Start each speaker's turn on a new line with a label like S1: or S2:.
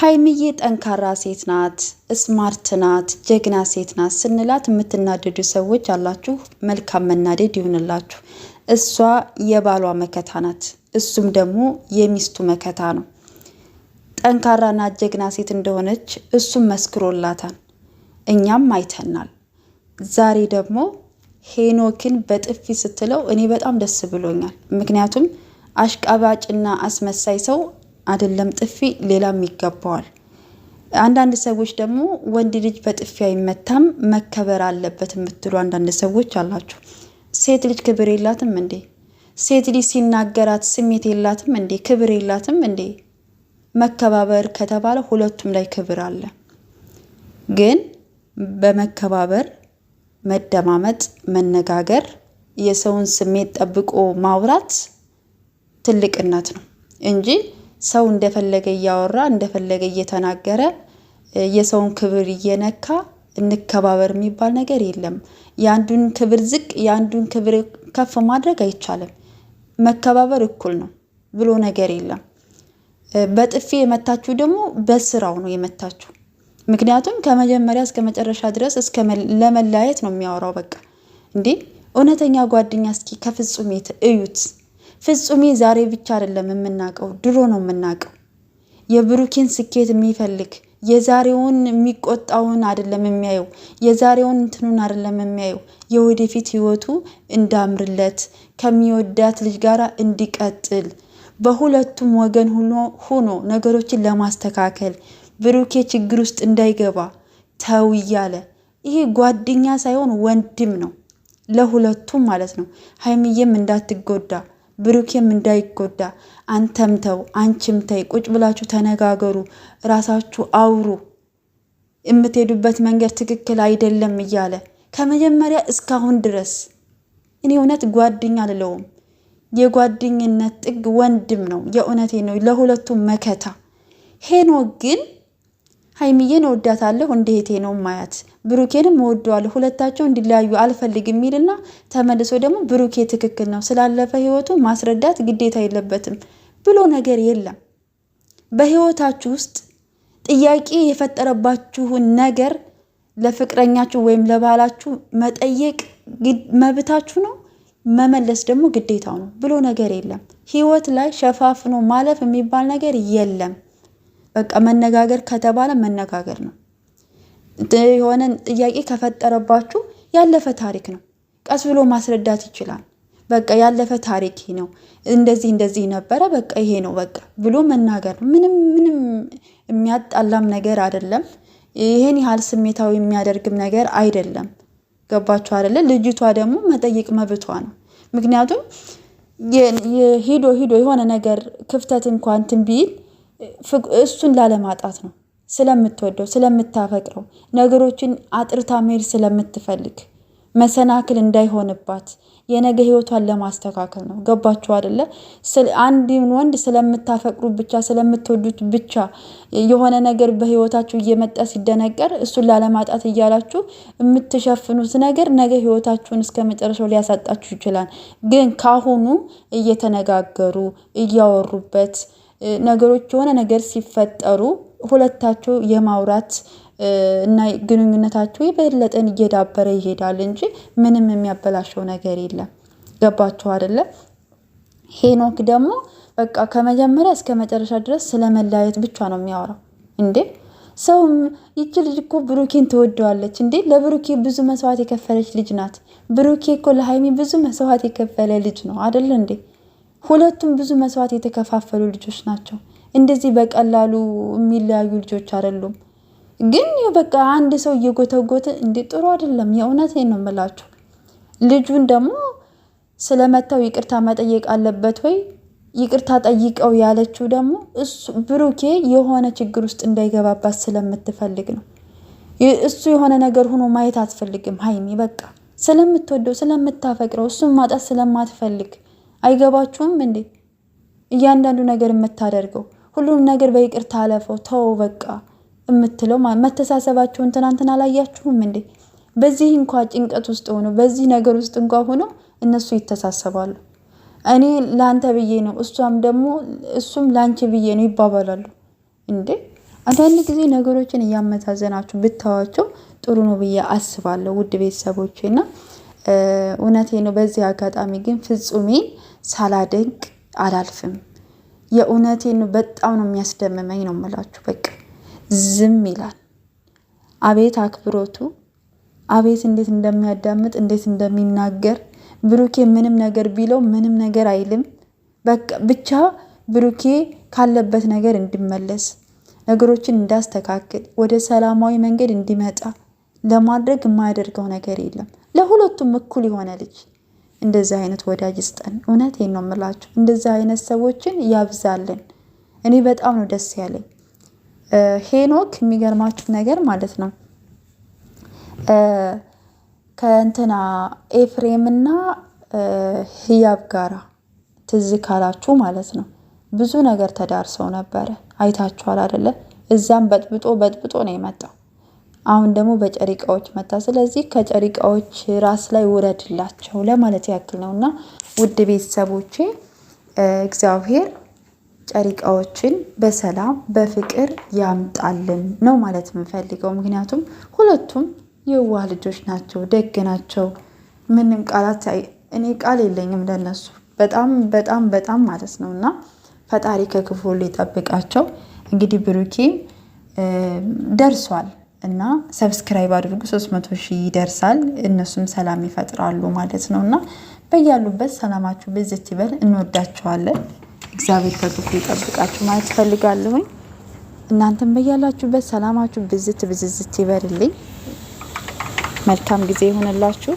S1: ሀይሚዬ ጠንካራ ሴት ናት፣ ስማርት ናት፣ ጀግና ሴት ናት ስንላት የምትናደዱ ሰዎች አላችሁ። መልካም መናደድ ይሁንላችሁ። እሷ የባሏ መከታ ናት፣ እሱም ደግሞ የሚስቱ መከታ ነው። ጠንካራና ጀግና ሴት እንደሆነች እሱም መስክሮላታል፣ እኛም አይተናል። ዛሬ ደግሞ ሄኖክን በጥፊ ስትለው እኔ በጣም ደስ ብሎኛል። ምክንያቱም አሽቃባጭና አስመሳይ ሰው አይደለም ጥፊ ሌላም ይገባዋል። አንዳንድ ሰዎች ደግሞ ወንድ ልጅ በጥፊ አይመታም መከበር አለበት የምትሉ አንዳንድ ሰዎች አላችሁ። ሴት ልጅ ክብር የላትም እንዴ? ሴት ልጅ ሲናገራት ስሜት የላትም እንዴ? ክብር የላትም እንዴ? መከባበር ከተባለ ሁለቱም ላይ ክብር አለ። ግን በመከባበር መደማመጥ፣ መነጋገር፣ የሰውን ስሜት ጠብቆ ማውራት ትልቅነት ነው እንጂ ሰው እንደፈለገ እያወራ እንደፈለገ እየተናገረ የሰውን ክብር እየነካ እንከባበር የሚባል ነገር የለም። የአንዱን ክብር ዝቅ የአንዱን ክብር ከፍ ማድረግ አይቻልም። መከባበር እኩል ነው ብሎ ነገር የለም። በጥፊ የመታችሁ ደግሞ በስራው ነው የመታችሁ። ምክንያቱም ከመጀመሪያ እስከ መጨረሻ ድረስ እስከ ለመለያየት ነው የሚያወራው። በቃ እንዴ እውነተኛ ጓደኛ እስኪ ከፍጹሜት እዩት። ፍጹሜ ዛሬ ብቻ አይደለም የምናውቀው፣ ድሮ ነው የምናውቀው። የብሩኬን ስኬት የሚፈልግ የዛሬውን የሚቆጣውን አይደለም የሚያየው፣ የዛሬውን እንትኑን አይደለም የሚያየው። የወደፊት ህይወቱ እንዳምርለት ከሚወዳት ልጅ ጋር እንዲቀጥል በሁለቱም ወገን ሆኖ ነገሮችን ለማስተካከል ብሩኬ ችግር ውስጥ እንዳይገባ ተው እያለ ይሄ ጓደኛ ሳይሆን ወንድም ነው ለሁለቱም ማለት ነው። ሀይምዬም እንዳትጎዳ ብሩኬም እንዳይጎዳ አንተም ተው አንቺም ተይ። ቁጭ ብላችሁ ተነጋገሩ፣ ራሳችሁ አውሩ። የምትሄዱበት መንገድ ትክክል አይደለም እያለ ከመጀመሪያ እስካሁን ድረስ እኔ እውነት ጓደኛ አልለውም። የጓደኝነት ጥግ ወንድም ነው። የእውነቴ ነው፣ ለሁለቱም መከታ። ሄኖ ግን ሀይሚዬን እወዳታለሁ እንደ እህቴ ነው ማያት ብሩኬንም እወደዋለሁ ሁለታቸው እንዲለያዩ አልፈልግም የሚልና ተመልሶ ደግሞ ብሩኬ ትክክል ነው ስላለፈ ህይወቱ ማስረዳት ግዴታ የለበትም ብሎ ነገር የለም። በህይወታችሁ ውስጥ ጥያቄ የፈጠረባችሁን ነገር ለፍቅረኛችሁ ወይም ለባላችሁ መጠየቅ መብታችሁ ነው፣ መመለስ ደግሞ ግዴታው ነው ብሎ ነገር የለም። ህይወት ላይ ሸፋፍኖ ማለፍ የሚባል ነገር የለም። በቃ መነጋገር ከተባለ መነጋገር ነው። የሆነ ጥያቄ ከፈጠረባችሁ ያለፈ ታሪክ ነው። ቀስ ብሎ ማስረዳት ይችላል። በቃ ያለፈ ታሪክ ነው፣ እንደዚህ እንደዚህ ነበረ፣ በቃ ይሄ ነው በቃ ብሎ መናገር ነው። ምንም ምንም የሚያጣላም ነገር አይደለም። ይሄን ያህል ስሜታዊ የሚያደርግም ነገር አይደለም። ገባችሁ አይደለ? ልጅቷ ደግሞ መጠየቅ መብቷ ነው። ምክንያቱም ሂዶ ሂዶ የሆነ ነገር ክፍተት እንኳን ትንቢል እሱን ላለማጣት ነው። ስለምትወደው ስለምታፈቅረው ነገሮችን አጥርታ መሄድ ስለምትፈልግ መሰናክል እንዳይሆንባት የነገ ህይወቷን ለማስተካከል ነው። ገባችሁ አደለ አንድን ወንድ ስለምታፈቅሩ ብቻ ስለምትወዱት ብቻ የሆነ ነገር በህይወታችሁ እየመጣ ሲደነቀር እሱን ላለማጣት እያላችሁ የምትሸፍኑት ነገር ነገ ህይወታችሁን እስከ መጨረሻው ሊያሳጣችሁ ይችላል። ግን ካሁኑ እየተነጋገሩ እያወሩበት ነገሮች የሆነ ነገር ሲፈጠሩ ሁለታቸው የማውራት እና ግንኙነታቸው የበለጠን እየዳበረ ይሄዳል እንጂ ምንም የሚያበላሸው ነገር የለም። ገባችሁ አይደለም? ሄኖክ ደግሞ በቃ ከመጀመሪያ እስከ መጨረሻ ድረስ ስለ መለያየት ብቻ ነው የሚያወራው። እንዴ ሰውም ይቺ ልጅ እኮ ብሩኬን ትወደዋለች እንዴ! ለብሩኬ ብዙ መስዋዕት የከፈለች ልጅ ናት። ብሩኬ እኮ ለሀይሚ ብዙ መስዋዕት የከፈለ ልጅ ነው አደለ እንዴ? ሁለቱም ብዙ መስዋዕት የተከፋፈሉ ልጆች ናቸው። እንደዚህ በቀላሉ የሚለያዩ ልጆች አይደሉም። ግን በቃ አንድ ሰው እየጎተጎተ እንዲ ጥሩ አይደለም። የእውነት ነው የምላችሁ። ልጁን ደግሞ ስለመታው ይቅርታ መጠየቅ አለበት ወይ? ይቅርታ ጠይቀው ያለችው ደግሞ እሱ ብሩኬ የሆነ ችግር ውስጥ እንዳይገባባት ስለምትፈልግ ነው። እሱ የሆነ ነገር ሆኖ ማየት አትፈልግም ሀይሚ። በቃ ስለምትወደው ስለምታፈቅረው እሱን ማጣት ስለማትፈልግ አይገባችሁም እንዴ? እያንዳንዱ ነገር የምታደርገው ሁሉንም ነገር በይቅርታ አለፈው ተው በቃ የምትለው መተሳሰባቸውን ትናንትና አላያችሁም እንዴ? በዚህ እንኳ ጭንቀት ውስጥ ሆኖ በዚህ ነገር ውስጥ እንኳ ሆኖ እነሱ ይተሳሰባሉ። እኔ ለአንተ ብዬ ነው እሷም ደግሞ እሱም ለአንቺ ብዬ ነው ይባባላሉ። እንዴ አንዳንድ ጊዜ ነገሮችን እያመዛዘናችሁ ብታዋቸው ጥሩ ነው ብዬ አስባለሁ። ውድ ቤተሰቦች እና እውነቴ ነው። በዚህ አጋጣሚ ግን ፍጹሜን ሳላደንቅ አላልፍም። የእውነቴን በጣም ነው የሚያስደምመኝ ነው የምላችሁ። በቃ ዝም ይላል። አቤት አክብሮቱ፣ አቤት እንዴት እንደሚያዳምጥ እንዴት እንደሚናገር። ብሩኬ ምንም ነገር ቢለው ምንም ነገር አይልም። በቃ ብቻ ብሩኬ ካለበት ነገር እንዲመለስ ነገሮችን እንዳስተካክል ወደ ሰላማዊ መንገድ እንዲመጣ ለማድረግ የማያደርገው ነገር የለም። ለሁለቱም እኩል የሆነ ልጅ እንደዚህ አይነት ወዳጅ ይስጠን። እውነቴን ነው የምላችሁ፣ እንደዚህ አይነት ሰዎችን ያብዛልን። እኔ በጣም ነው ደስ ያለኝ። ሄኖክ የሚገርማችሁ ነገር ማለት ነው ከእንትና ኤፍሬምና ህያብ ጋራ ትዝ ካላችሁ ማለት ነው ብዙ ነገር ተዳርሰው ነበረ። አይታችኋል አደለ? እዛም በጥብጦ በጥብጦ ነው የመጣው አሁን ደግሞ በጨሪቃዎች መታ። ስለዚህ ከጨሪቃዎች ራስ ላይ ውረድላቸው ለማለት ያክል ነው እና ውድ ቤተሰቦቼ እግዚአብሔር ጨሪቃዎችን በሰላም በፍቅር ያምጣልን ነው ማለት የምንፈልገው። ምክንያቱም ሁለቱም የዋህ ልጆች ናቸው፣ ደግ ናቸው። ምንም ቃላት እኔ ቃል የለኝም ለነሱ በጣም በጣም በጣም ማለት ነው እና ፈጣሪ ከክፉ ሊጠብቃቸው። እንግዲህ ብሩኬ ደርሷል እና ሰብስክራይብ አድርጉ። 300 ሺህ ይደርሳል። እነሱም ሰላም ይፈጥራሉ ማለት ነው። እና በያሉበት ሰላማችሁ ብዝት ይበል። እንወዳችኋለን። እግዚአብሔር ከክፉ ይጠብቃችሁ ማለት ፈልጋለሁኝ። እናንተም በያላችሁበት ሰላማችሁ ብዝት ብዝዝት ይበልልኝ። መልካም ጊዜ ይሆንላችሁ።